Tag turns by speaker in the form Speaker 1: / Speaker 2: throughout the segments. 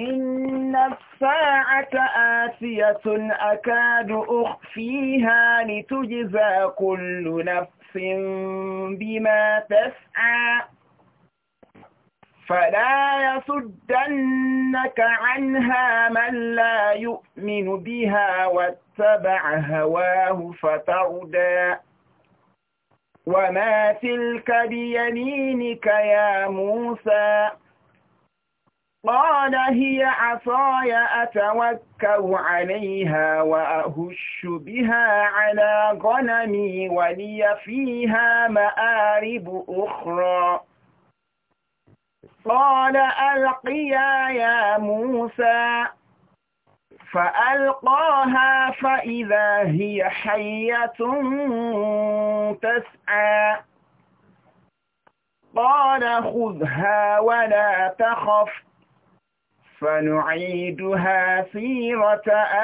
Speaker 1: إن الساعة آتية أكاد أخفيها لتجزى كل نفس بما تسعى فلا يصدنك عنها من لا يؤمن بها واتبع هواه فتردى وما تلك بيمينك يا موسى قال هي عصاي أتوكأ عليها وأهش بها على غنمي ولي فيها مآرب أخرى قال ألقيا يا موسى فألقاها فإذا هي حية تسعى قال خذها ولا تخف فنعيدها
Speaker 2: سيرة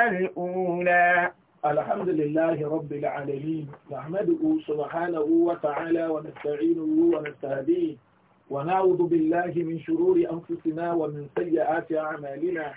Speaker 2: الأولى الحمد لله رب العالمين نحمده سبحانه وتعالى ونستعينه ونستهديه ونعوذ بالله من شرور أنفسنا ومن سيئات أعمالنا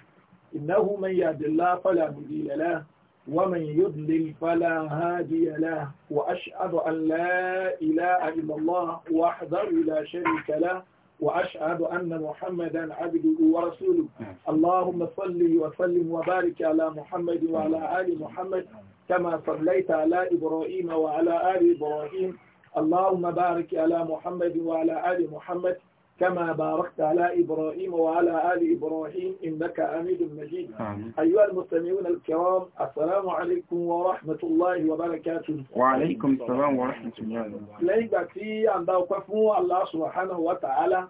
Speaker 2: إنه من يهد الله فلا مضل له ومن يضلل فلا هادي له وأشهد أن لا إله إلا الله وحده لا شريك له وأشهد أن محمدا عبده ورسوله اللهم صل وسلم وبارك على محمد وعلى آل محمد كما صليت على إبراهيم وعلى آل إبراهيم اللهم بارك على محمد وعلى آل محمد كما باركت على إبراهيم وعلى آل إبراهيم إنك أميد مجيد أيها المستمعون الكرام السلام عليكم ورحمة الله وبركاته وعليكم السلام ورحمة الله وبركاته لين باتي عن دوقفه الله سبحانه وتعالى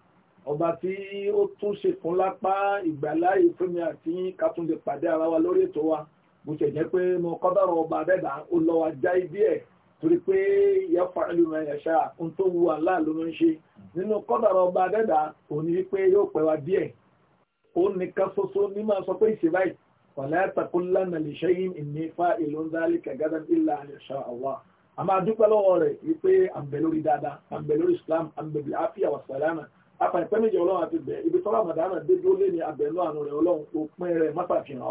Speaker 2: ọba tí ó tún ṣe fún lápá ìgbàláyé fún mi àti kátúndé pàdé ara wa lórí ètò wa bó ṣe jẹ́ pé mo kọ́ bá ọba abẹ́dà ó lọ wa já ibi ẹ̀ torí pé yẹ́fà ìlúmọ̀ ẹ̀ṣà ohun tó wu Allah ló ń ṣe nínú kọ́dọ̀rọ̀ ọba dẹ́dà òní wípé yóò pẹ́ wa díẹ̀ ó nìkan ṣoṣo ní máa sọ pé ìṣèlá yìí wàlẹ́ àtàkùnlá nà lè ṣẹ́yìn ìní fa ìlú ńlá kẹgàdà ìlà ẹ̀ṣà Allah a dúpẹ́ lọ́wọ́ rẹ̀ wípé àǹbẹ̀ lórí dáadáa àǹbẹ̀ lórí Islam àǹbẹ̀ bíi àfíà wà apàìpẹ́ méjì ọlọ́run àti bẹ̀ ibi tọ́lá màdánà dé dúró lé ní abẹ̀nú àánú rẹ̀ ọlọ́run tó pín rẹ̀ mọ́sàfihàn wa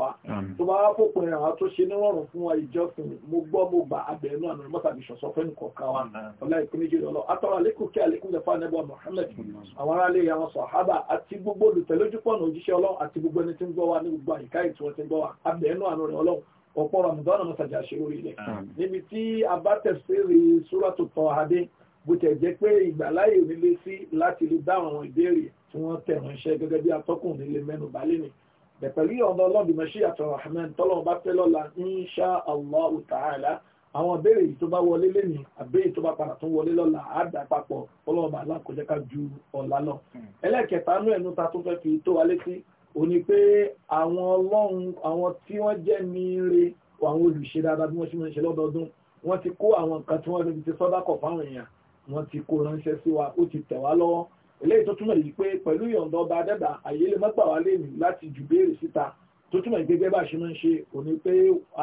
Speaker 2: tó bá wá fòpin rẹ̀ wa tó ṣe nírọ̀rùn fún wa ìjọsìn mo gbọ́ mo gbà abẹ̀nú àánú rẹ̀ mọ́sàfihàn sọ fẹ́ nìkọ̀ọ̀kan wa Muhammad àwọn aráàlẹ́ ìyá wọn sàhábà àti gbogbo olùtẹ̀lójúpọ̀nà òjíṣẹ́ ọlọ́run àti wa ní gbogbo àyíká ìtúwọ́n ti ń gbọ́ wa abẹ̀nú àánú rẹ̀ ọlọ́run ọ̀pọ̀ Ramadan mọ́sàjà ṣe orí ilẹ̀ níbi tí a bá súrà tó tọ́ adé bó tẹ̀ jẹ́ pé ìgbàláyè onílé sí láti lè dá àwọn ìbéèrè tí wọ́n tẹ̀ ránṣẹ́ gẹ́gẹ́ bí atọ́kùn nílé mẹ́nu balẹ̀ ni bẹ̀pẹ̀lú ọ̀dọ̀ ọlọ́bì mẹ́ṣí àti rahman tọ́lọ́wọ́n bá fẹ́ lọ́la insha Allah ta'ala àwọn ìbéèrè yìí tó bá wọlé lẹ́nìí àbẹ́yìí tó bá padà tún wọlé lọ́la àádà papọ̀ ọlọ́ọ̀bà alákòjẹ́ká ju ọ̀la lọ. ẹlẹ́kẹta nú ẹ̀nu ta tó fẹ́ fi tó wa létí ó ní pé àwọn ọlọ́run àwọn tí wọ́n jẹ́ ní ire àwọn olùṣe dáadáa bí wọ́n ṣe máa ń ṣe lọ́dọọdún wọ́n ti kó àwọn nǹkan tí wọ́n fi ti sọ́dákọ̀ fáwọn èèyàn wọ́n ti kó ránṣẹ́ sí wa ó ti tẹ̀ wá lọ́wọ́ eléyìí tó túmọ̀ yìí pé pẹ̀lú ìyọ̀ǹda ọba adẹ́dà àyè lè mọ́gbà wá lè mí láti jù béèrè síta tó túmọ̀ yìí pé gẹ́gẹ́ bá ṣe máa ń ṣe òní pé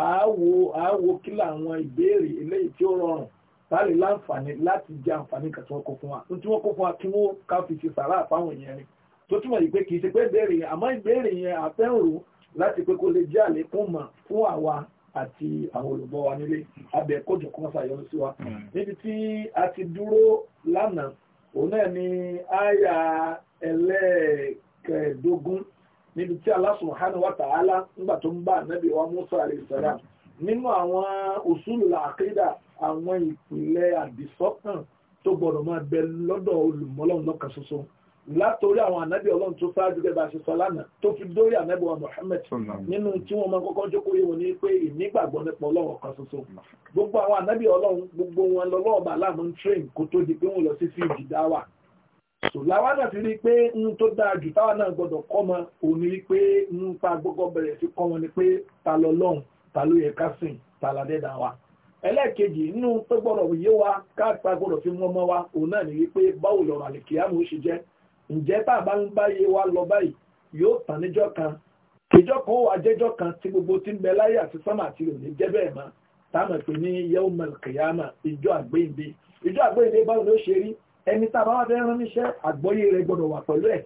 Speaker 2: àáwo àáwo kí làwọn ìbéèrè eléyìí tí ó rọrùn táàlì láǹfààní láti jẹ àǹfààní kan tí wọ́n kó fún wa tí wọ́n kó fún wa kí wọ́n ká fi ṣe sàrà àfáwọn yẹn ni tó túmọ̀ yìí pé kì í ṣe pé ìbéèrè àmọ́ ìbéèrè yẹn àfẹ́rù láti pé kó lè jẹ́ àlékún mọ̀ fún àwa àti àwọn olùgbọ́ wa nílé abẹ kójọ kó mọ́sá yọnu sí wa hmm. níbi tí a ti dúró lánàá òun náà ni àyà ẹlẹ́ẹ̀kẹẹ̀dógún níbi tí Allah subhanahu wa ta'ala ńgbà tó ń bá ànábì wa Musa alayhi nínú àwọn usulu làákídà àwọn ìpìlẹ̀ àdìsọ́kàn tó gbọ́dọ̀ máa bẹ lọ́dọ̀ olùmọ́lọ́run ṣoṣo látòrí àwọn ànábì ọlọ́run tó sáájú gẹ́gẹ́ ṣe sọ lánàá tó fi dórí ànábì wa nínú tí wọ́n máa kọ́kọ́ jókòó yé ní pé ìnígbàgbọ́ nípa ọlọ́run kan gbogbo àwọn ànábì ọlọ́run gbogbo wọn lọ́lọ́ọ̀bà láàmú train kó tó di pé wọ́n lọ sí fíìdì dáwà so làwa náà ti pé n tó dáa jù táwa náà wọn ni pé ta lọ́lọ́run ta ló yẹ ọmọ ǹjẹ́ tá a bá ń báyé wa lọ báyìí yóò tàn níjọ́ kan ìjọ́ kan ó wà jẹ́jọ́ kan tí gbogbo ti ń bẹ láyé àti sánmà àti òní jẹ́ bẹ́ẹ̀ mọ́ táwọn pè ní yawmal qiyamah ìjọ àgbéǹde ìjọ àgbéǹde báwo ni ó ṣe rí ẹni tá a bá wá fẹ́ rán níṣẹ́ àgbọ́yé rẹ̀ gbọ́dọ̀ wà pẹ̀lú ẹ̀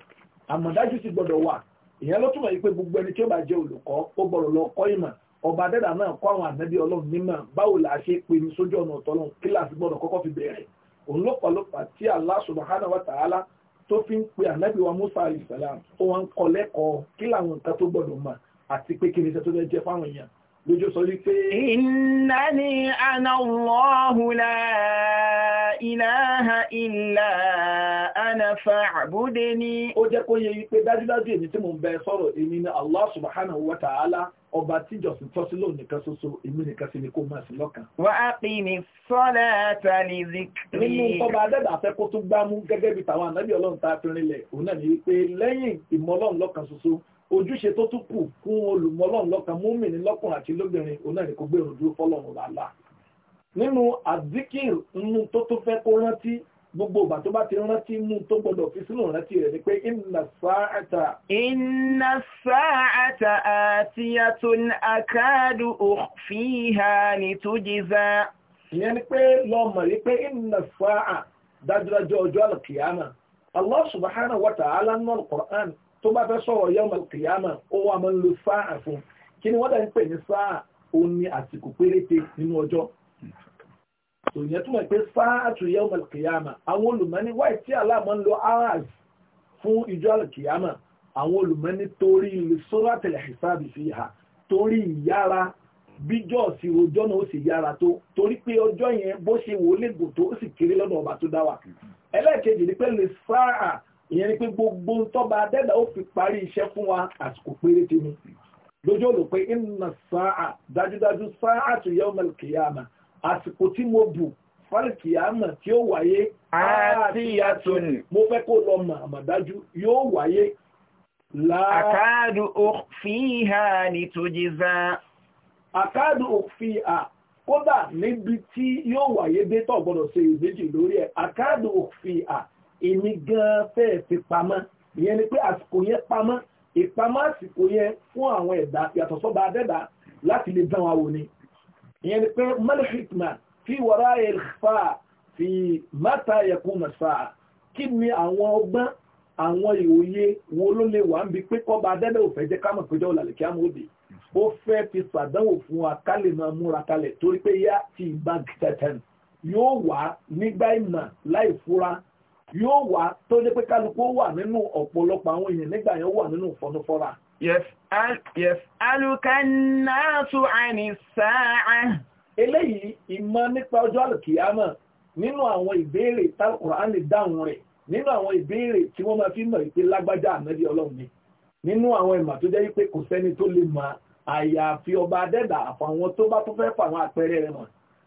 Speaker 2: àmọ̀dájú sì gbọ́dọ̀ wà ìyẹn ló túmọ̀ yìí pé gbogbo ẹni tí ó bá jẹ́ olùkọ́ ó gbọ́dọ̀ lọ kọ́ ìmọ̀ ọba dẹ́dà náà kọ́ àwọn ànábì ọlọ́run nímọ̀ báwo là á ṣe pinnu sójú ọ̀nà ọ̀tọ̀ ọlọ́run kíláàsì gbọ́dọ̀ kọ́kọ́ fi bẹ̀rẹ̀ òun ló tí Allah subhanahu wa ta'ala tó fi ń pe ànábì wa Musa alayhi salam ó wá ń kọ lẹ́kọ̀ọ́ kí làwọn nǹkan tó gbọ́dọ̀ mà àti pé kí ni iṣẹ́ tó fẹ́ jẹ́ fáwọn èèyàn lójú sọ wípé
Speaker 1: innani ana Allahu la ilaha illa ana fa'budni
Speaker 2: ó jẹ́ kó yẹ wípé dájúdájú èmi tí mo bẹ sọ̀rọ̀ èmi ni Allah subhanahu wa ta'ala ọba tíjọsìn tọ́sí lóun nìkan ṣoṣo èmi nìkan sí ni kó máa sí lọ́kàn. wà á pín ní sọ́lá tàlí zikiri. nínú ọba adẹ́dà afẹ́ kó tún gbámú gẹ́gẹ́ bí tàwọn ànábì ọlọ́run tá a fi rinlẹ̀ òun náà ní wípé lẹ́yìn ìmọ̀ ọlọ́run lọ́kàn ṣoṣo ojúṣe tó tún kù fún olùmọ́lọ́n lọ́kàn múmìnì lọ́kùnrin àti lóbìnrin òun náà ní kò gbèrò dúró fọ́lọ́run làlá nínú àdíkìr nínú tó tún fẹ́ kó rántí gbogbo ìgbà tó bá ti rántí mú tó gbọdọ̀ fi sínú rántí rẹ̀ ni pé inna sa'ata. inna sa'ata
Speaker 1: akadu ukhfiha litujza. ìyẹn ni pé
Speaker 2: lọ́mọ̀ rí pé inna sa'a dájúdájú ọjọ́ àlùkìyàmà Allah wa ta'ala tó bá fẹ́ sọ̀rọ̀ yọmọ kìyàmà ó wà máa ń lo sáà fún kí ni wọ́n dà ń pè ní sáà ó ní àsìkò péréte nínú ọjọ́ tò yẹn túmọ̀ pé sáàtù yọmọ kìyàmà àwọn olùmọ́ni wáì tí aláàmọ́ ń lo hours fún ìjọ kìyàmà àwọn olùmọ́ni torí sóràtẹ̀lẹ̀ hisabi fi hà torí ìyára bíjọ́ sí ọjọ́ náà ó sì yára tó torí pé ọjọ́ yẹn bó ṣe wò lè gùn tó ó sì kéré lọ́dọ̀ ọba tó dá ẹlẹ́ẹ̀kejì ni pé lè sáà ìyẹn ni pé gbogbo tọ́ba adẹ́dà ó fi parí iṣẹ́ fún wa àsìkò péréte ni lójú ò lò pé inna sáà dájúdájú sáàtù yawmal qiyamah àsìkò tí mo bù fálìkìyàmà tí ó wáyé àtìyàtún mo fẹ́ kó lọ mọ̀ àmàdájú yóò wáyé àkáàdù òfìhà ní tó jíza àkáàdù òfìhà kódà níbi tí yóò wáyé dé tó ṣe ìbejì lórí ẹ̀ àkáàdù òfìhà èmi gan fẹ́ẹ̀ fi pamọ́ ìyẹn ni pé àsìkò yẹn pamọ́ ìpamọ́ àsìkò yẹn fún àwọn ẹ̀dá yàtọ̀ sọ́ba adẹ́dà láti lè dán wa wò ni ìyẹn ni pé malhikma fi wọ́rá ẹ̀fà fi mata yẹkùn mẹ́fà kí ni àwọn ọgbọ́n àwọn ìwòye wo ló lè wà ń bi pé kọ́ba adẹ́dà ò fẹ́ jẹ́ ká mọ̀ péjọ òlàlẹ̀ kí á mọ̀ òde ó fẹ́ fi sàdánwò fún wa ká lè máa múra kalẹ̀ torí pé yá ti ìbá tẹ̀tẹ̀ yóò wà nígbà ìmọ̀ láì fura yóò wá tó dé pé kálukú wà nínú ọ̀pọ̀lọpọ̀ àwọn èèyàn nígbà yẹn wà nínú fọnúfọ́ra. yẹ̀sálùkà náà tún àní sáà. eléyìí ìmọ̀ nípa ọjọ́ àlùkìyámà nínú àwọn ìbéèrè tálùkùránì dáhùn rẹ̀ nínú àwọn ìbéèrè tí wọ́n máa fi mọ̀ ìpè lágbájá ànábì ọlọ́run ni nínú àwọn ìmọ̀ tó jẹ́ wípé kò sẹ́ni tó lè mọ̀ àyàfi ọba adẹ́dà àfàwọn tó bá tó fẹ́ fàwọn àpẹẹrẹ rẹ̀ mọ̀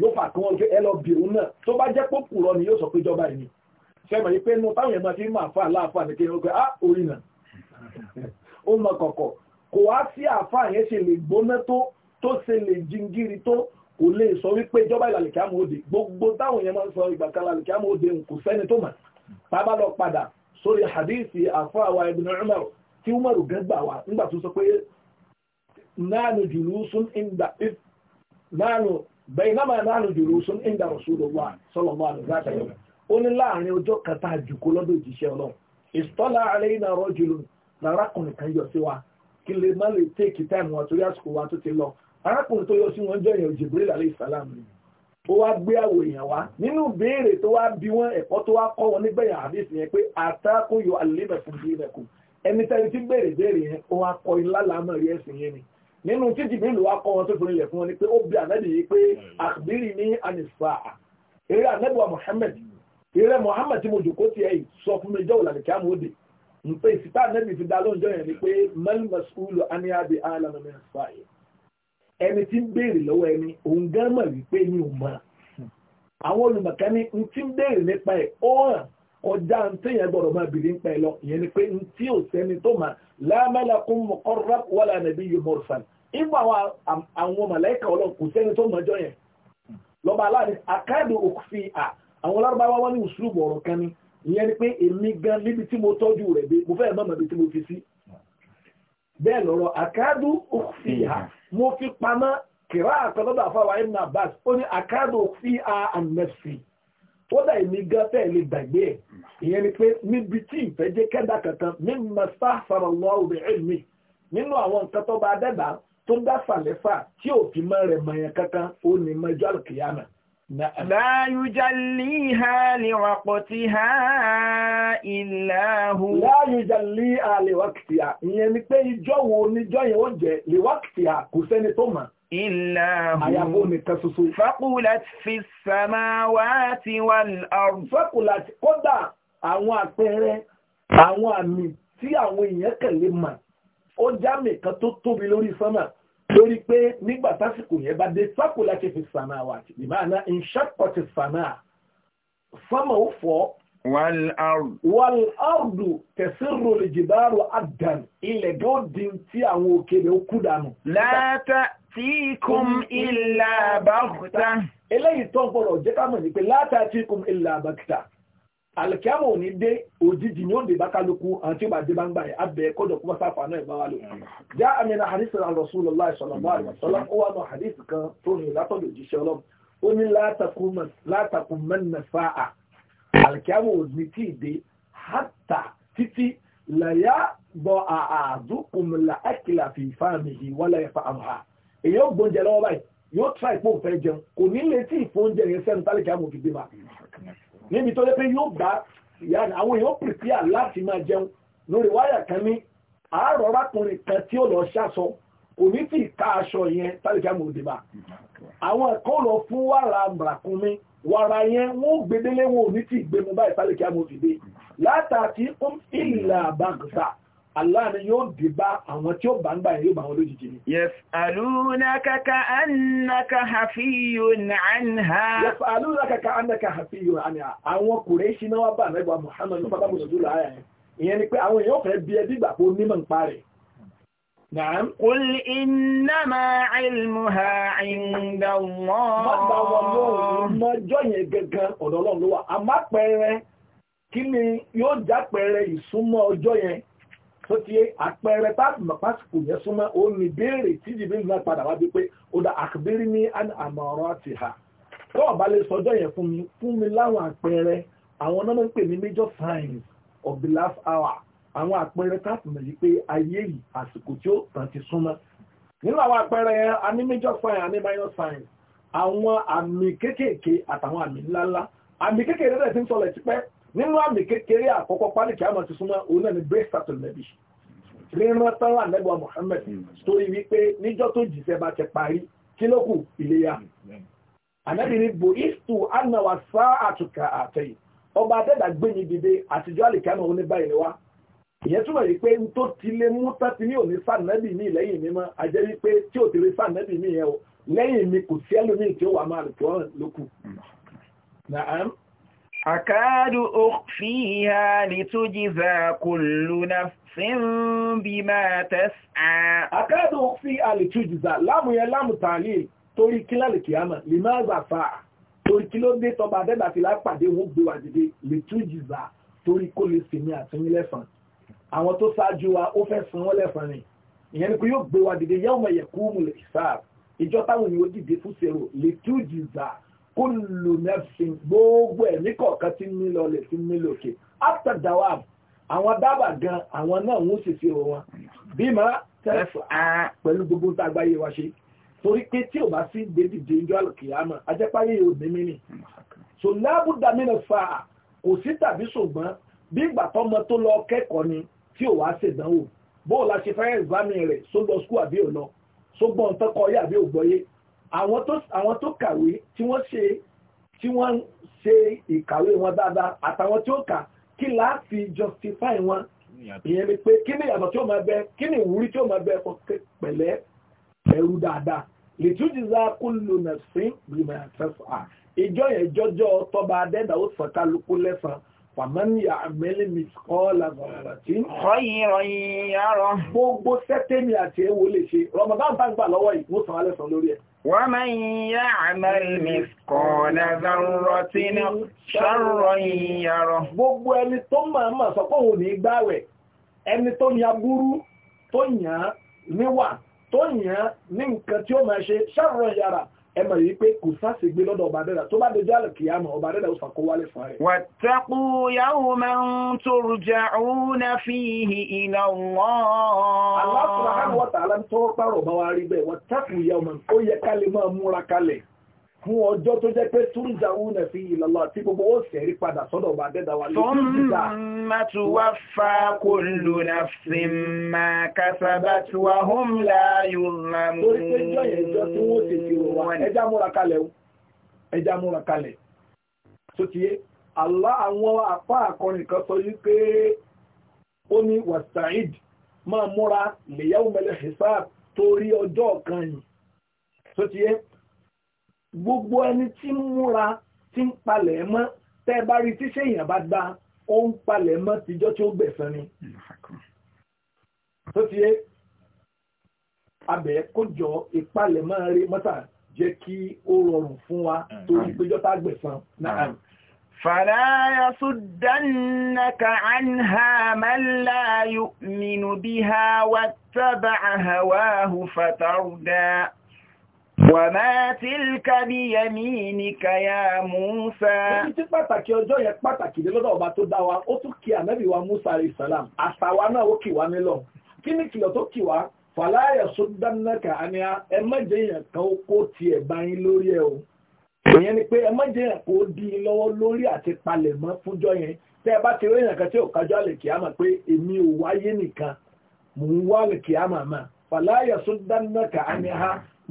Speaker 2: yóò fà kí wọ́n gbé náà tó bá jẹ́ rọ ni yóò sọ pé ìní fẹ́mọ̀ yìí pé inú táwọn èèyàn fi máa fà láàfà ní kéwọn pé á orí nà ó mọ kọ̀kọ̀ kò wá sí àfà yẹn ṣe lè gbóná tó tó gbogbo táwọn èèyàn máa ń sọ ìgbà kan hadisi àfà wa Umar tí Umar gbà wá nígbà tó sọ pé náà بينما نحن جلوس عند رسول الله صلى الله عليه وسلم قل الله عن يوجو كتا جكو لدو جيشي الله استطلع علينا رجل لرقم كان يوسوا كل ما لي تيك تايم واتوري اسكو واتو تي لو arákùnrin tó yọ sí wọn ni ó wá gbé àwọ̀ èèyàn wá nínú béèrè tó wá bí wọn ẹ̀kọ́ tó wá kọ́ wọn nígbẹ̀yìn nínú tí jìbìlù wa kọ́ wọn tó fún fún wọn ni pé ó bí ànábì yìí pé àkbírì ní anisaa eré ànábì wa Muhammad eré Muhammad tí mo jòkó tiẹ̀ yìí sọ fún mi jọ́wọ́ làlùkí àmú òde npe ìsìtá ànábì ti dá lóúnjọ́ yẹn ni pé mal mas'ulu aniabi alama minasfa yìí ẹni tí ń béèrè lọ́wọ́ ẹni òun gán mọ̀ wípé ní òun mọ̀ àwọn olùmọ̀kání ń tí ń béèrè nípa ẹ̀ ó hàn kọjá ń téèyàn gbọ́dọ̀ máa bìrì ń pẹ́ lọ ìyẹn ni pé tí ò sẹ́ni tó mà la malakun muqarrab wala nabiyyun mursal ìgbà àwọn màláìkà ọlọ́run kò sẹ́ni tó mọ̀jọ́ yẹn lọ́ba aláàrin akáàdì òkùnfì à àwọn lárúbáwá wọn ní uslubu ọ̀rọ̀ kan ni ìyẹn ni pé èmi gan níbi tí mo tọ́jú rẹ̀ dé mo fẹ́ẹ̀ mọ̀mọ́ ibi tí mo fi sí bẹ́ẹ̀ lọ́rọ̀ akáàdì òkùnfì à mo fi pamọ́ kìrá àtọ́lọ́dọ̀ àfáwà ibn Abbas ó ní akáàdì òkùnfì à an kódà èmi gan fẹ́ lè gbàgbé ẹ̀ ìyẹn ni pé níbi tí ìfẹ́ jẹ́ kẹ́dà kankan mímọ sáfàrà lọ òbí ẹ̀mí nínú àwọn nǹkan tó bá dẹ́gbà tó dá fàlẹ́fà tí òfin mọ́ rẹ̀ mọ̀ yẹn kankan ó ní mọ́jọ́ àlùkìyàmà. لا يجليها لوقتها إلا هو لا يجليها لوقتها ìyẹn ni pé ìjọ́ wo níjọ́ yẹn ó jẹ́ لوقتها kò sẹ́ni tó mọ̀
Speaker 1: Àyàbó
Speaker 2: nìkan ṣoṣo. Fákúlàt fi sàmáwáti wà lọ́rùn. Fákúlàt kódà àwọn àpẹẹrẹ, àwọn àmì tí àwọn èèyàn kẹ̀lé mà. Ó jámì kan tó tóbi lórí sánmà lórí pé nígbà tásìkò yẹn bá dé fákúlàt fi sàmáwáti. Ìmáàna ìṣàkọ̀tì sàmá. Sánmà ó fọ́. Wàlárùn. Wàlárùn tẹ̀sírò lè jìbáàrò àdàn ilẹ̀ tó di tí àwọn òkèèrè ó kú dànù. Láta ta'tikum illa baghtah. eléyìí tó ń gbọ́dọ̀ jẹ́ ká mọ̀ ní pé la ta'tikum illa baghtah. àlùkìyàmọ̀ ò ní dé òjijì ní òde bákálukú àti ìgbà dé báńgbà yẹn abẹ́ kọ́dọ̀ kó bá sáfà náà ìbá lò. já amina hadith rasulullah sallallahu alaihi wasallam ó wà nù hadith kan tó rìn látọ̀dọ̀ òjíṣẹ́ ọlọ́run ó ní la taqumanna sa'a àlùkìyàmọ̀ ò ní tí ì dé hatta títí làyà bọ̀ àdúkùn làákìlà fi fáàmì yìí wọ́n lẹ́yìn fáàmù ha èyí ó gbóúnjẹ lọ́wọ́ báyìí yóò tra ìpò òfẹ́ jẹun kò ní lè tí ìfóúnjẹ yẹn sẹ́nu tálíkà mọ̀ fìdí ma níbi tó lé pé yóò gbá ìyá àwọn èèyàn pìpìà láti máa jẹun lórí wáyà kan ní àárọ̀ rákùnrin kan tí ó lọ ṣàṣọ kò ní tí ìka aṣọ yẹn tálíkà mọ̀ fìdí ma àwọn ẹ̀kọ́ lọ fún wàrà mùràkúnmi wàrà yẹn wọ́n gbedele wọn ò ní tí ìgbému báyìí tálíkà mọ̀ fìdí látàtí ìlà bàgùsà Allah ni yóò dé ba àwọn tí ó bá ń gbà yóò bá wọn lójijì ni.
Speaker 1: Yẹ̀fàlúnàkà ka annaka hafiyun
Speaker 2: anha. Yẹ̀fàlúnàkà ka annaka hafiyun anha. Àwọn Kùrẹ́ṣì náà wá bá àmẹ́gbà na nípa bá láyà ẹ̀. Ìyẹn ni pé àwọn èèyàn fẹ́ bí ẹbí gbà ni pe ń parẹ̀.
Speaker 1: Nàám. Qul innama ilmuha inda Allah. Má gbà wọn
Speaker 2: lóhùn tó ti àpẹẹrẹ táàbù mọ̀pásìkò yẹn súnmọ́ ó ní béèrè tí jìbìlì náà padà wá bí pé ó dá àkùbírí ní àmọ̀ ọ̀rọ̀ ti hà tó ọ̀bá lè sọjọ́ yẹn fún mi fún mi láwọn àpẹẹrẹ àwọn náà ń pè ní major signs of the last hour àwọn àpẹẹrẹ táàbù mọ̀ yìí pé ayé yìí àsìkò tí ó tàn ti súnmọ́ nínú àwọn àpẹẹrẹ yẹn a ní major signs, a ní minor signs. àwọn àmì kéékèèké àtàwọn àmì ńláńlá àmì kéékèèké rẹ̀ ti ń sọlẹ̀ nínú àmì kékeré àkọ́kọ́ pálíkì àmà ti súnmọ́ òun náà ni breakfast lẹ́bí ríran tán wà lẹ́gbàá Muhammad hmm. torí wípé níjọ́ tó jìṣẹ́ bá ti parí kí ló kù ìléyà hmm. hmm. ànábì ní bo istu anáwà sáà àtùkà àtẹ̀yìn ọba adẹ́dà gbé ní dìde àtijọ́ àlìkámà òun ní báyìí ni wá ìyẹn túmọ̀ yìí pé tó ti lé mú tàbí ní òní sànẹ́bì ní lẹ́yìn mi mọ́ ajẹ́ wípé tí ò ti rí sànẹ́bì mi yẹn o lẹ́yìn mi kò sí ẹlòmíì tí ó wà máa lè tó ọ̀ràn lókù. أكاد
Speaker 1: أخفيها لتجزى كل نفس بما تسعى
Speaker 2: أكاد أخفيها لتجزى لام يا لام تعليل torí kí lálẹ́ kìámà lè máa gbà fa torí kí ló dé tọba adẹ́gbà fi lápàdé wọn gbé wa dìde lè tún jìzà torí kó lè sì ní àtúnyí lẹ́fàn àwọn tó ṣáájú wa ó fẹ́ san wọ́n ni ìyẹn ni pé yóò gbé wa dìde yẹ́wọ̀n ẹ̀yẹ̀kú mu lè sáà ìjọ táwọn èèyàn ó dìde fún kúlù nẹ́fìn gbogbo ẹ̀ ní kọ̀ọ̀kan tí mi lọ lè fi mi lòkè after dawab àwọn dábà gan àwọn náà ń ṣèṣe wọn bí máa tẹ́fù á pẹ̀lú gbogbo tá a gbáyé wa ṣe torí pé tí ò bá sí dédìdé ìjọ àlùkìyàmọ̀ ajẹ́páyé yóò ní mímì so lábùdá mìíràn fa kò sí tàbí ṣùgbọ́n bí ìgbà tọ́mọ tó lọ kẹ́kọ̀ọ́ ni tí o wá ṣèdánwò bóò la ṣe fẹ́ ẹ̀gbámi rẹ̀ só lọ skú àbí ò lọ só gbọ́n tán kọ́ yé àbí ò gbọ́yé àwọn tó kàwé tí wọ́n ṣe tí wọ́n ṣe ìkàwé wọn dáadáa àtàwọn tí ó kà kí láti justify wọn ìyẹn ni pé kí ni ìyàtọ̀ tí ó máa bẹ kí ni ìwúrí tí ó máa bẹ fún pẹ̀lẹ́ ẹ̀rú dáadáa lìtújìzá kúlù nàṣín bìmọ̀ àtẹ́fà ìjọ yẹn jọjọ tọba adẹ́dà ó sàn kálukú lẹ́sàn fàmánìyà àmẹ́lẹ́ mìsíkọ́ọ́lá gbọ̀ngàn tí. ọyìn ọyìn yàrá. gbogbo sẹ́tẹ́mì àti ewu lè ṣe rọmọdán bá ń gbà lọ́wọ́ yìí wọ́n sàn wá lẹ́sàn lórí ẹ̀. ومن يعمل مثقال ذرة شرا يره gbogbo ẹni tó máa máa sọ kóhùn ní eni ẹni tó ní agbúrú tó yàn níwà tó yàn ní nǹkan tí ó máa ṣe ṣàrọ̀ yàrá ẹ mọ̀ yìí pé kò sáàsì gbé lọ́dọ̀ ọba dẹ́dà tó bá dojú àlè kìí àmọ̀ ọba dẹ́dà ó sàkó wálé fún rẹ̀. wàtàkù yawman
Speaker 1: turja'una fihi ila Allah. Allah subhanahu wa
Speaker 2: ta'ala ń tọ́ pàrọ̀ bá wa rí bẹ́ẹ̀ wàtàkù yawman ó yẹ ká máa múra kalẹ̀. fún ọjọ́ tó jẹ́ pé tún ìjàwó nẹ̀ fi ìlọ́lọ́ tí gbogbo ó sẹ̀rí padà sọ́dọ̀ bá wà lórí ìjà.
Speaker 1: Thumma tuwaffa kullu nafsin ma kasabat
Speaker 2: Torí pé yẹn jọ tí wọ́n ti fi wà ẹja múra kalẹ̀ o, ẹja múra kalẹ̀. Tó ti àwọn apá akọrin kan sọ pé ó ní máa múra torí ọjọ́ kan yìí. Tó gbogbo ẹni tí ń múra tí ń palẹ̀ mọ́ tẹ́ bá rí tí sèèyàn bá gbá ó ń palẹ̀ mọ́ tìjọ́ tí ó gbẹ̀san ni. tó ti abẹ kójọ ìpalẹ̀mọ́ rẹ mọ́tà jẹ́ kí ó rọrùn fún wa torí péjọ́ tá gbẹ̀san náà. فلا يصدنك
Speaker 1: عنها من لا يؤمن بها واتبع هواه فتردى وما تلك
Speaker 2: بيمينك يا موسى tí pàtàkì ọjọ́ yẹn pàtàkì dé lọ́dọ̀ ọba tó dá wa ó tún kí ànábì wa Musa alayhi salam àtàwa náà ó kì wá nílọ kí ni kìlọ̀ tó kì wá fàlàyé sódánnáka àní ẹ má jẹ́ èèyàn kan kó tiẹ̀ bá yín lórí ẹ o ìyẹn ni pé ẹ má jẹ́ èèyàn kó lọ́wọ́ lórí àti palẹ̀mọ́ fúnjọ́ yẹn tẹ́ ẹ bá ti rí èèyàn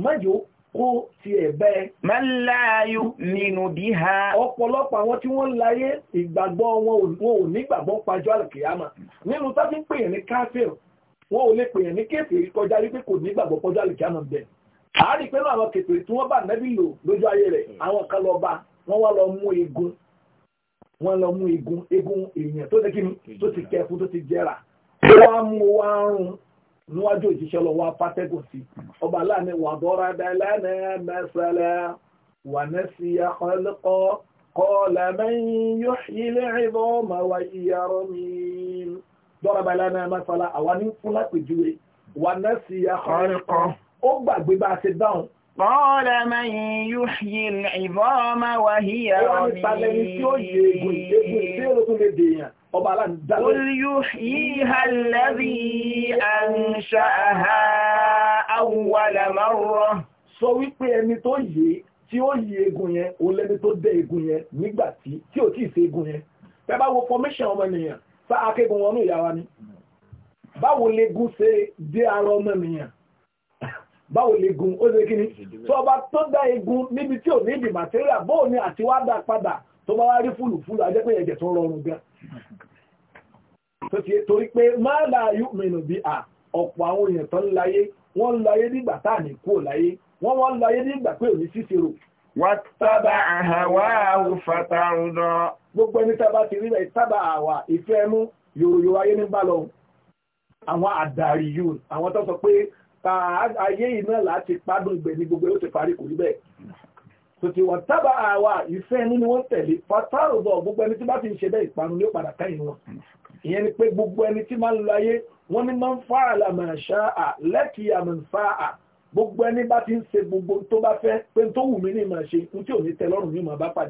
Speaker 2: kan tí ò kó ti ẹ̀bẹ́. Mẹ́láyú nínú bí ha. Ọ̀pọ̀lọpọ̀ àwọn tí wọ́n láyé ìgbàgbọ́ wọn ò nígbàgbọ́ pàjọ́ àlùkìyàmà. Nínú tó ti ń pèyàn ní káfíìn, wọn ò lè pèyàn ní kéfèé kọjá wípé kò nígbàgbọ́ pàjọ́ àlùkìyàmà bẹ̀. Àárí pé náà àwọn kéfèé tí wọ́n bá nẹ́bí lò lójú ayé rẹ̀, àwọn kan lọ bá, wọ́n wá lọ mú egun. Wọ́n lọ mú egun, egun èèyàn tó ti kí ni, tó ti kẹfun, tó ti jẹrà. Wọ́n á mú wa rún níwájú òjíṣẹ́ lọ wá pátẹ́gùn sí ọba láàánú wà bọ́ra dáláàánú mẹ́sàlẹ̀ wà nẹ́sì akọ́lẹ́kọ́ kọ́ọ̀lá mẹ́yìn yóò ilé ìbọn ọmọ wa ìyàrá mi bọ́ra dáláàánú mẹ́sàlẹ̀ àwa ní fún lápèjúwe wà nẹ́sì akọ́lẹ́kọ́ ó gbàgbé bá a ṣe dáhùn Kọ́ọ̀lá
Speaker 1: máa yóò yí ìbọn ọmọ wa híyà rọ̀ mí. Ó ní palẹ̀ ní tí ó yẹ egun ìgbégun ọba aláàrin dálẹ́. Olú yíha lẹ́bí àṣàhà
Speaker 2: àwọ̀lẹ̀ márùn-ún. Sọ wípé ẹni tó yé tí ó yí egun yẹn, ó lẹ́ni tó dẹ egun yẹn nígbà tí tí ò tí ì ṣe egun yẹn. Fẹ́ bá wo formation ọmọ ènìyàn, sá akégun wọnú ìyá wa ni. Báwo legun ṣe dé ara ọmọ ènìyàn? Báwo legun ó ṣe kí ni? ọba tó dá egun níbi tí ò ní ìdì màtẹ́ríà, bóò ni àtiwádà padà tó bá wá rí fúlù fúlù ajẹ́pẹ́ ẹ̀jẹ̀ tó rọrùn gan torí pé má láàyò mìíràn bí a ọ̀pọ̀ àwọn èèyàn tó ń láyé wọ́n ń láyé nígbà tá à ní kú láyé wọ́n wọ́n láyé nígbà pé òní ṣíṣirò. wọ́n tábà àhàwá fàtàrùn náà. gbogbo ẹni tábà ti rí sòtì wọ́n tábà àwa ìfẹ́ ẹnu wọ́n tẹ̀lé fatárùbọ̀ gbogbo ẹni tí bá ti ń ṣe bẹ́ẹ̀ ìparun ní ó padà kẹ́yìn wọn ìyẹn ni pé gbogbo ẹni tí máa ń lo ayé wọ́n ní máa ń fa àlàmà ṣá à lẹ́kì àmì ń fa à gbogbo ẹni bá ti ń ṣe gbogbo tó bá fẹ́ pé tó wù mí ní ìmọ̀ ṣe n tí ò ní tẹ lọ́rùn ní ìmọ̀ bá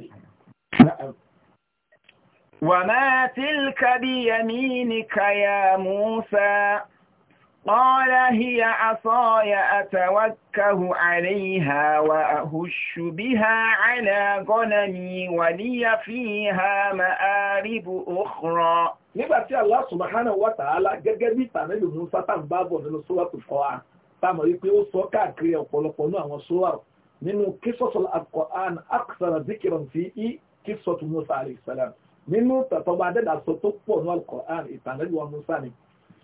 Speaker 1: Musa. قال هي عصاي أتوكه عليها وأهش بها على غنمي ولي فيها مآرب أخرى
Speaker 2: nígbà tí Allah subhanahu wa ta'ala gẹ́gẹ́ bí tàbílù Musa tá ń bá bọ̀ nínú sóràtù fọ́wá táàmù wípé ó sọ káàkiri ọ̀pọ̀lọpọ̀ ní àwọn sóràtù nínú kíṣọ́sọ̀ al-Qur'an aksara zikiran fi í kíṣọ́tù Musa alayhi salam nínú tàtọ́gbà adẹ́dàsọ tó pọ̀ ní al-Qur'an ìtànẹ́lùwà Musa ni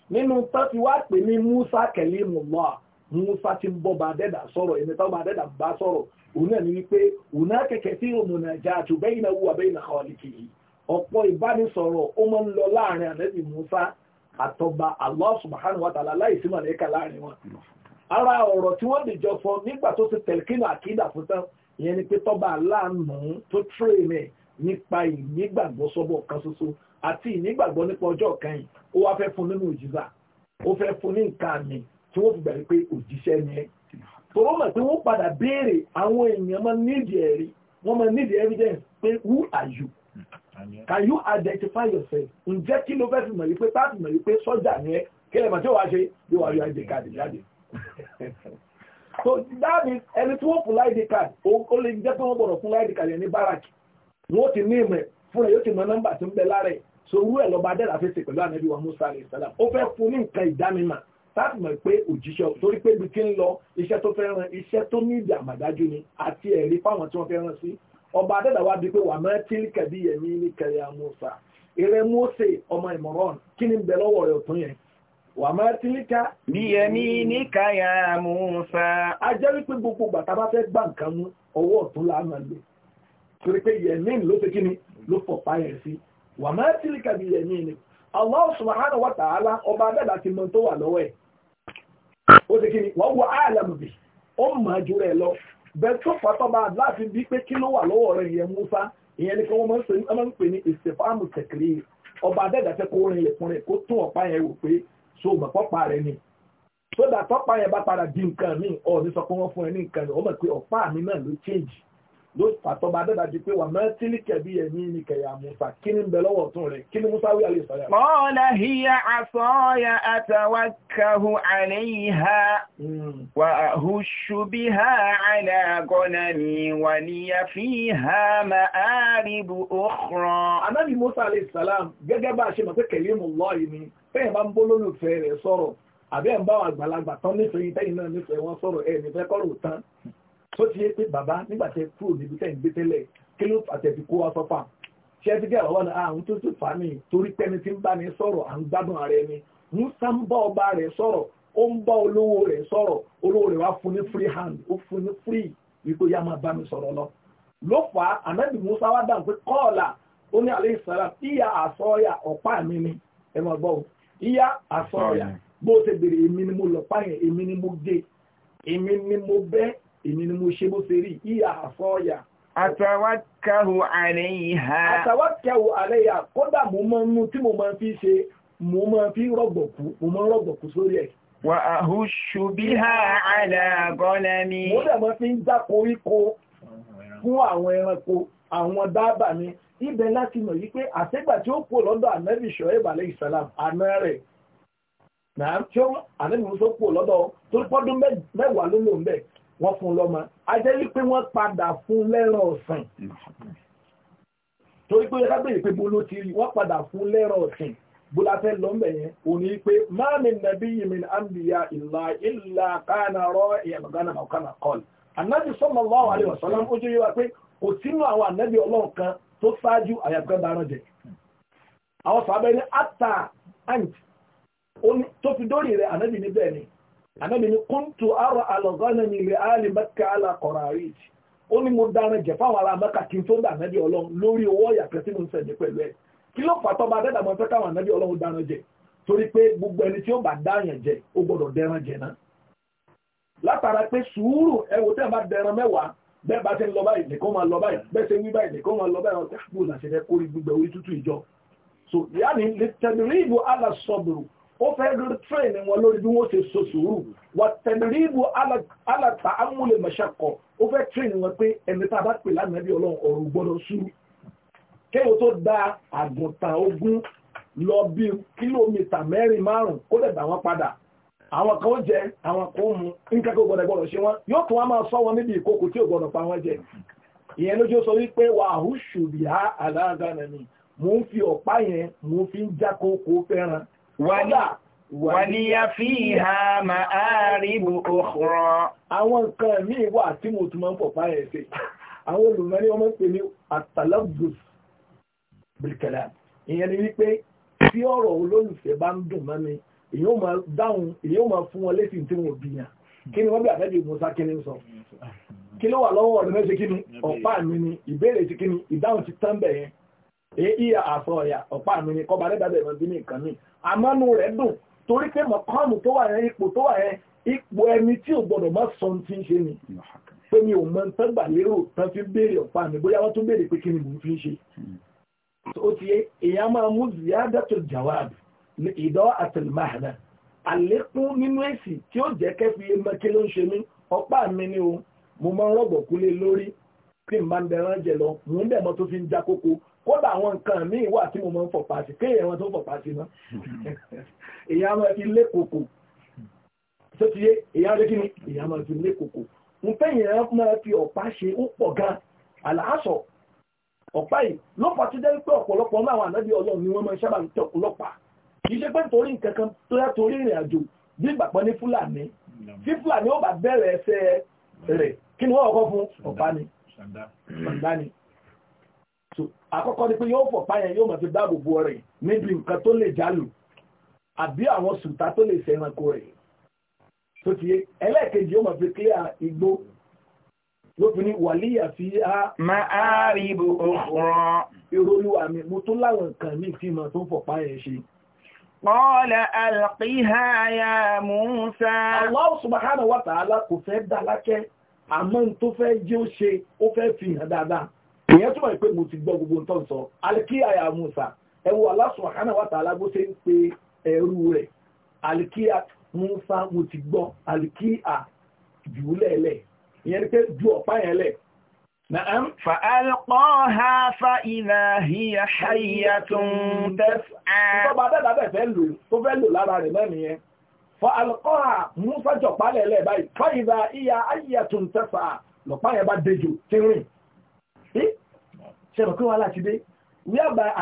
Speaker 2: nínú tó ti wá pè ní Musa kalimullah Musa ti ń bọ́ bá dẹ́dà sọrọ ẹni tó bá dẹ́dà bá sọrọ òun náà ni wípé òun náà kẹ̀kẹ́ tí munajatu bainahu wa baina khaliqihi ọ̀pọ̀ ìbánisọ̀rọ̀ ó máa ń lọ láàrin Musa àtọba Allah subhanahu wa ta'ala màlẹ́kà láàrin wọn ara ọ̀rọ̀ tí wọ́n lè jọ fọ nígbà tó ti tẹ̀lẹ́kínú àkídà fún tán ìyẹn ni pé tọ́ba aláàánú tó àti ìnígbàgbọ́ nípa ọjọ́ kan yìí ó wá fẹ́ fún nínú òjìzà ó fẹ́ fún ní nǹkan àmì tí wọ́n fi gbà pé òjíṣẹ́ ni ẹ́ tòró mọ̀ pé wọ́n padà béèrè àwọn èèyàn máa nídìí ẹ̀rí wọ́n máa nídìí evidence pé who are you can you identify yourself ǹjẹ́ kí ló fẹ́ fi mọ̀ yìí pé táàtì mọ̀ yìí pé sọ́jà ni ẹ́ kí lè mọ̀ tí wàá ṣe yóò wá yọ id card jáde so that means ẹni tí wọ́n fún id card ó lè jẹ́ pé wọ́n gbọ́dọ̀ fún id card yẹn ní báràkì wọ́n ti ní ìmọ̀ fúnra yóò ti mọ nọ́mbà tó ń bẹ lára ẹ̀ so owó ẹ̀ lọ́ba dẹ́là fèsì pẹ̀lú ànábì wa musa alayhi salam ó fẹ́ fún ní nǹkan ìdánimọ̀ láti mọ̀ pé òjíṣẹ́ torí pé ibi tí ń lọ iṣẹ́ tó fẹ́ ràn iṣẹ́ tó ní ìdí àmàdájú ni àti ẹ̀rí fáwọn tí wọ́n fẹ́ ràn sí ọba dẹ́là wa bíi pé wà mọ́ tílíkà bí yẹmí ní kẹrẹ amúsà eré mose ọmọ ìmọ̀ràn kí ni ń bẹ lọ́wọ́ rẹ̀ ọ̀tún yẹn wà mọ́ tílíkà bí yẹmí ní kẹrẹ amúsà. a jẹ́ wípé gbogbo bàtà bá fẹ́ gbà nǹkan mú ọwọ́ ọ̀tún la máa torí pé yẹmí ló ṣe kí ni ló fọ̀ páyẹ̀ sí wà máa tí lè kàbí ẹ̀mí ni Allah subhanahu ta'ala ọba adada ti mọ tó wà lọ́wọ́ ẹ̀ ó ti kí ni wọ àlàmù bì ju lọ bẹ́ẹ̀ tó fọ́tọ́ bá láti bí pé kí ló wà lọ́wọ́ rẹ̀ yẹn Musa ìyẹn ni kí wọ́n máa ń pè ní ìsèfàmù ọba adada fẹ́ kó rin kó tún yẹn ló fàtọ́ba dẹ́dà di pé wà mẹ́ tílíkẹ̀ bí ẹ̀mí ni kẹ̀yà musa kí ni ń bẹ lọ́wọ́ ọ̀tún rẹ̀ kí ni musa wí alẹ́ ìsọ̀yà.
Speaker 1: qala hiya asaya atawakkahu alayha hmm. wa ahushu biha ala ganami wa liya
Speaker 2: fiha ma'aribu ukhra. anábì musa tó ti yé pé bàbá nígbà tẹ́ kúrò níbi tẹ́ gbé tẹ́lẹ̀ kí ló àtẹ̀tí kó wá sọ́fà ti mi sọ̀rọ̀ à ń ara musa ń bá ọba rẹ̀ sọ̀rọ̀ ó ń bá olówó rẹ̀ sọ̀rọ̀ olówó rẹ̀ wá fún ní free hand ó fún free wípé yá máa bá mi sọ̀rọ̀ lọ ló fà á musa wá dáhùn pé kọ́ọ̀là ó ní alẹ́ ìsàlá ìyá ọ̀pá mi ni ẹ máa gbọ́ ìyá bó o bèrè èmi ni mo lọ̀pá yẹn èmi ni mo gé èmi ni mo bẹ́ èmi ni mo ṣe bó ṣe rí ìyá àfọ́ọ̀yà. àtàwákàwò àlẹ́yìnhá. àtàwákàwò àlẹ́yà kódà mo máa ń mú tí mo máa fi ṣe mo máa fi rọ̀gbọ̀kú mo máa ń sórí ẹ̀. wà á hù ṣubíhà àlàgọ́nami. mo dẹ̀ máa fi ń já koríko fún àwọn ẹranko àwọn dábà mi ibẹ̀ láti mọ̀ yí pé àtẹ́gbà tí ó pò lọ́dọ̀ ànẹ́bì ṣọ́ẹ́bà lẹ́yìn ìsàlám àná rẹ̀ náà tí ó ànẹ́bì mú sọ lọ́dọ̀ tó pọ́dún mẹ́wàá ló lò ń bẹ̀ wọ́n fún lọ́mọ ajẹ́ wípé wọ́n padà fún lẹ́rọ ọ̀sìn torí pé ká pé bó ló ti rí wọ́n padà fún lẹ́rọ ọ̀sìn bó la fẹ́ lọ yẹn pé máa nàbí yìí mi àmbìyà ìlà ìlà kánà rọ ọ̀kánà ànábì ojú wá pé kò sínú àwọn ànábì ọlọ́run kan tó ṣáájú àyàgbẹ́ jẹ àwọn àtà àǹtí tó fi dórí rẹ̀ ànábì níbẹ̀ ni anábì ní kúntù arọ alọ̀gọ́nà ní ilẹ̀ alì mẹ́kà alákọ̀ọ́rì ó ní mo dára jẹ fáwọn ará mẹ́kà kí n tó dà nábì ọlọ́run lórí owó ọ̀yàpẹ́ tí mo ń sẹ̀dẹ̀ pẹ̀lú ẹ̀ kí ló fà tọ́ bá dẹ́dà mọ́ fẹ́ káwọn nábì ọlọ́run dára jẹ torí pé gbogbo ẹni tí ó bá dáyàn jẹ ó gbọ́dọ̀ dẹran jẹ náà látara pé sùúrù ẹwò tẹ́ bá dẹran mẹ́wàá bẹ́ẹ̀ bá ó fẹ́ train wọn lórí bí wọ́n ṣe so sùúrù wà tẹ̀lẹ́rìbù alàtà amúlẹ̀ mọ̀ṣàkọ̀ ó fẹ́ wọn pe ẹni pe a bá ọrụ gbọdọ suru. ọlọ́run ọ̀rùn gbọ́dọ̀ da àgùntàn ogún lọ bi marun awọn kan je awọn kan mu nǹkan kó gbọ́dọ̀ wọn yóò tún sọ wọn níbi ìkókò tí wọn jẹ ìyẹn lójú sọ wípé wàhùn mò ń fi ọ̀pá yẹn mò ń fi ń wàníyà fi ha ma áàrìbù òkúrọ̀. Àwọn nǹkan ní ìwà tí mo tún máa ń pọ̀pá ẹ̀ sí. Àwọn olùmọ́ni ọmọ pè ní Àtàlọ́gùs Bìrìkẹ̀lá. Ìyẹn ni wípé tí ọ̀rọ̀ olólùfẹ́ bá ń dùn mọ́ mi, èyí ó máa dáhùn, èyí ó máa fún wọn létí tí wọn bí yàn. Kí ni wọ́n bí àtẹ́jú Musa kí ni sọ? Kí ló wà lọ́wọ́ àmọ́nu rẹ̀ dùn torí pé mọ̀kánù tó wà yẹn ipò tó wà yẹn ipò ẹni tí ò gbọ́dọ̀ má sọ ti ń ṣe ni pé mi ò mọ tán gbà lérò tán fi béèrè ọ̀pá mi bóyá wọ́n tún béèrè pé kí ni mò ń fi ṣe hmm. ó ti yé èèyàn máa mú ziyadatul jawab ìdọ́ àtẹlẹmáàdá àlékún nínú èsì tí ó jẹ́ kẹ́fì mẹ́kẹ́ ló ń ṣe mí ọ̀pá mi ni o mo máa ń rọ̀gbọ̀kúlé lórí kí n máa jẹ lọ mò ń dẹ̀mọ́ tó fi ń já kókó kódà àwọn nǹkan míì wà tí mo máa ń fọ̀pá sí kéèyàn wọn tó fọ̀pá sí náà èyàn máa fi lé kòkò tó ti yé èyàn lé kí ni èyàn máa fi lé kòkò ń fẹ́yìn máa fi ọ̀pá ṣe ó pọ̀ gan àlàásọ̀ ọ̀pá yìí lọ́pàá ti jẹ́ pé ọ̀pọ̀lọpọ̀ náà àwọn ànábì ọlọ́run ni wọ́n máa ń sábà ń tẹ̀kú lọ́pàá kì í ṣe pé nítorí nǹkan kan tó yẹ torí ìrìn àjò bí ìgbàpọ̀ ní fúlàní tí fúlàní ó bá bẹ̀rẹ̀ ẹsẹ̀ rẹ̀ kí ni wọ́n kọ́ àkọ́kọ́ ni pé yóò fọ̀ páyẹ yóò mọ̀ fi dáàbò bo rẹ̀ níbi nǹkan tó lè jálù àbí àwọn sùtá tó lè ṣẹranko rẹ̀ tó ti yé ẹlẹ́ẹ̀kejì yóò mọ̀ fi clear igbó ló fi ní wàlíyà fi á máa rí ibo ọ̀rọ̀ ìrólúwà mi mo tún láwọn nǹkan ní ìfihàn tó fọ̀
Speaker 1: páyẹ ṣe Qala alqiha ya Musa. Allah
Speaker 2: subhanahu wa ta'ala kò fẹ́ dálákẹ́ àmọ́ tó fẹ́ jẹ́ ó ṣe ó fẹ́ fi hàn dáadáa ìyẹn túmọ̀ pé mo ti gbọ́ gbogbo nǹkan sọ alikiya ya musa ẹ wo Allah subhanahu wa bó ṣe ń pe ẹrú rẹ̀ alikiya musa mo ti gbọ́ alikiya jù lẹ́lẹ̀ ìyẹn ni pé ju ọ̀pá yẹn lẹ̀ Na'am.
Speaker 1: Fa'alqaha fa'idha hiya hayyatun tas'a.
Speaker 2: Tó bá dẹ́dà bẹ̀ fẹ́ lò, tó fẹ́ lò lára rẹ̀ mẹ́rin yẹn. Fa'alqaha Musa jọ̀pálẹ̀ lẹ̀ báyìí. Fa'idha hiya hayyatun tas'a. Lọ̀pá yẹn bá dejò tí rìn. ṣẹ̀rọ̀ pé wà láti dé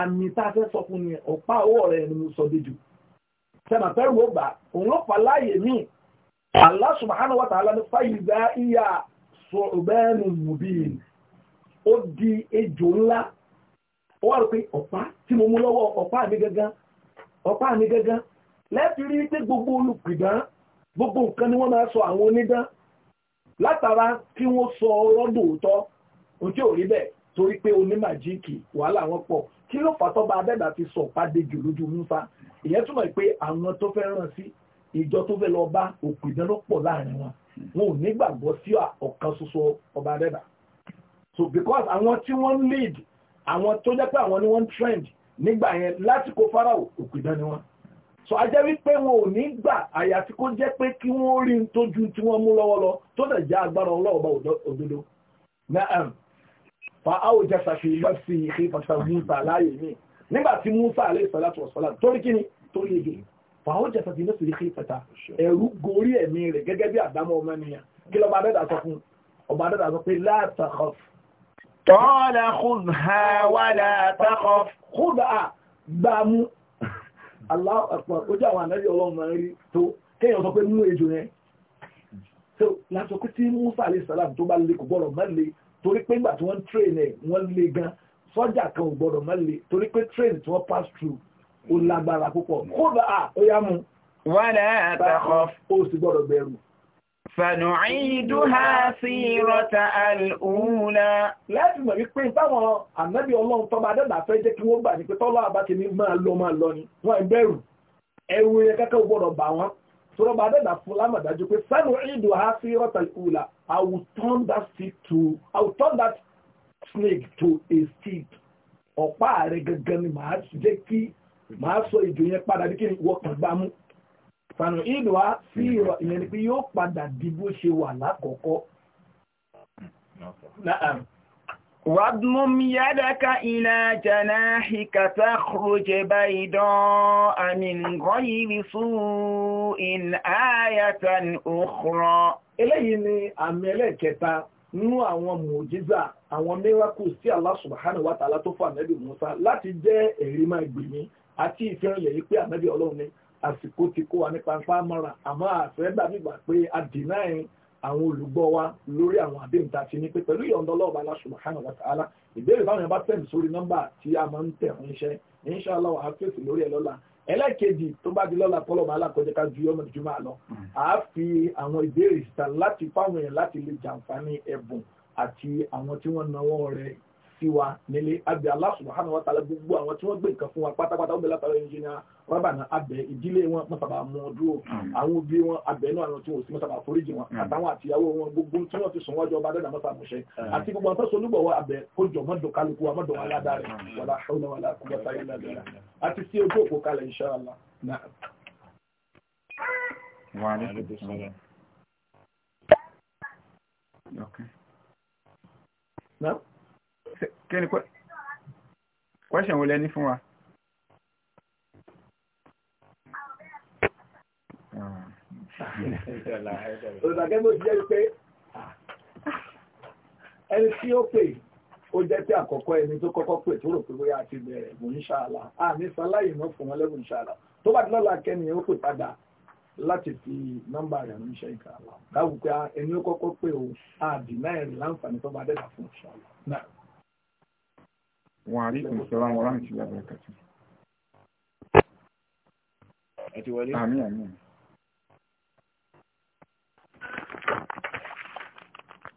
Speaker 2: àmì tá a fẹ́ sọ fún ni ọ̀pá owó rẹ̀ ni mo sọ déjù sẹ́nà pẹ́rù ó gbà òun ló pa láàyè mí Allah subhanahu wa ta'ala di ejò ńlá ó wà rò pé ọ̀pá tí mo mú lọ́wọ́ ọ̀pá mi gangan ọ̀pá mi gangan lẹ́ẹ̀tì rí pé gbogbo olùpìdán gbogbo nǹkan ni wọ́n máa sọ àwọn onídán látara kí wọ́n sọ ọlọ́dún òótọ́ torí pé onímàjíìkì wàhálà wọn pọ̀ kí ló fà tọ́ba abẹ́dà ti sọ pàdé jù lójú musa ìyẹn túmọ̀ pé àwọn tó fẹ́ ràn sí ìjọ tó fẹ́ lọ bá òkú ìdáná pọ̀ láàrin wọn wọn ò nígbàgbọ́ sí ọ̀kan ṣoṣo ọba abẹ́dà so because àwọn tí wọ́n lead àwọn tó jẹ́ pé àwọn ni wọ́n trend nígbà yẹn lásìkò farao òkú ìdáná wọn so a jẹ́ wípé wọn ò ní gbà àyàfi kó jẹ́ pé kí wọ́n rí tójú tí wọ́n mú lọ́wọ́ lọ tó dẹ̀ já agbára ọlọ́ọ̀bá òdodo fa áwòjá sàfihàn ìgbà sí ìhé pàṣẹ Musa láàyè mi nígbà tí Musa alẹ́ ìsọ̀lá tó ọ̀sọ̀lá torí kíni torí èdè fa áwòjá sàfihàn ìgbà sí ìhé pàṣẹ ẹ̀rú gorí ẹ̀mí rẹ̀ gẹ́gẹ́ bí àdámọ́ ọmọ ènìyàn kí lọ́ba adẹ́dà sọ fún ọba adẹ́dà sọ pé la takhaf. tọ́lá khudha wala takhaf. khudha gbàmú Allahu akbar ojú àwọn ànábì ọlọ́run máa ń rí tó kéèyàn sọ pé mú ejò yẹn. so látọ̀ pé tí Musa alẹ́ ìsọ̀lá tó bá lè kò bọ̀rọ̀ má lè torí pé nígbà tí wọ́n train ẹ̀ wọ́n le gan sọ́jà kan ò gbọ́dọ̀ má le torí pé train tí wọ́n pass through ó lágbára púpọ̀ kódà á ó yá mu. wala takhaf. ó sì gbọ́dọ̀ bẹ̀rù. fanu'iduha sirata al-ula. láti mọ̀ wípé táwọn ànábì ọlọ́run tọ́ba adẹ́gbà fẹ́ jẹ́ kí wọ́n gbà ní pé tọ́lá àbátí ni máa lọ máa lọ ni wọ́n ẹ̀ bẹ̀rù ẹ̀rù yẹn kẹ́kẹ́ gbọ́dọ̀ bà wọ́n tọ́lá àbátí fún lámàdájú pé fanu'iduha sirata al-ula I will turn that stick to, I will turn that snake to a stick. Ọ̀pá rẹ̀ gangan ni màá jẹ́ kí màá sọ ìjò yẹn padà bí kí ni wọ́n kàn gbámú. Fànà ìlú wa sí ìrọ̀ ìyẹn ni pé yóò padà di bó ṣe wà lákọ̀ọ́kọ́.
Speaker 1: واضمم يدك إلى جناحك تخرج بيضاء من غير سوء آية
Speaker 2: أخرى eléyìí ni àmì ẹlẹ́ẹ̀kẹta nú àwọn mùjíza àwọn miracles tí Allah subhanahu wa ta'ala tó fún ànábì Musa láti jẹ́ ẹ̀rí máa gbìmí àti ìfihàn yẹ̀yí pé ànábì ọlọ́run ni àsìkò ti kó wa ní pàǹpá mọ́ra àmọ́ àfẹ́ dàbí gbà pé a dìnnà àwọn olùgbọ́ wa lórí àwọn àdéhùn ti ní pé pẹ̀lú ìyọ̀ǹda ọlọ́ọ̀bá Allah subhanahu wa ta'ala ìbéèrè báwọn yẹn bá tẹ̀mí sórí nọ́mbà tí a máa ń tẹ̀ ń ṣe inshallah àfẹ́sì lórí ẹ̀ lọ́la ẹlẹ́kejì tó bá di lọ́la pọ́lọ́mọ alákọ̀ọ́jẹ́ ká ju ọmọ ìjùmọ̀ àlọ́ à hmm. á fi àwọn ìbéèrè síta láti fáwọn èèyàn láti lè jàǹfààní ẹ̀bùn àti àwọn tí wọ́n náwó rẹ̀ sí wa nílé abẹ Allah subhanahu wa ta'ala gbogbo àwọn tí wọ́n gbé nǹkan fún wa pátápátá ọbẹ̀ látara ẹnjìnà rábànà abẹ ìdílé wọn mọ́sàbà mú ọ dúró àwọn òbí wọn abẹ náà àwọn tí wọ́n sì mọ́sàbà foríjì wọn àtàwọn àtìyàwó wọn gbogbo tí wọ́n ti sùn wájú ọba dẹ́nà mọ́sà àmúṣe àti gbogbo àwọn tọ́sọ olúgbọ̀wọ́ abẹ kójọ mọ́dọ̀ kálukú wa mọ́dọ̀ wọn aládàá rẹ̀ wàlá hawla wàlá quwwata illa billah àti sí ojú òpó kalẹ̀ insha Allah náà.
Speaker 1: Okay. No?
Speaker 2: kí ni question wo lẹ ní fún wa. olùdàgẹ́ bó ti jẹ́ pé ẹni tí ó pè ó jẹ́ pé àkọ́kọ́ ẹni tó kọ́kọ́ pè tó rò pé bóyá àti bẹ̀rẹ̀ bò ń ṣàlà á ní sáláyì náà fún wọn lẹ́bùn ṣàlà tó bá ti lọ́la kẹ́ni ó pè padà láti fi nọ́mbà rẹ̀ ránṣẹ́ ìkàlà dáwù pé ẹni ó kọ́kọ́ pè ó àdìmẹ́rin láǹfààní tó bá dẹ́ta fún ṣàlà náà. Wa alaikum salaam wa rahmatullahi wa barakatuh.
Speaker 1: Ẹ ti wọlé? Àmín àmín.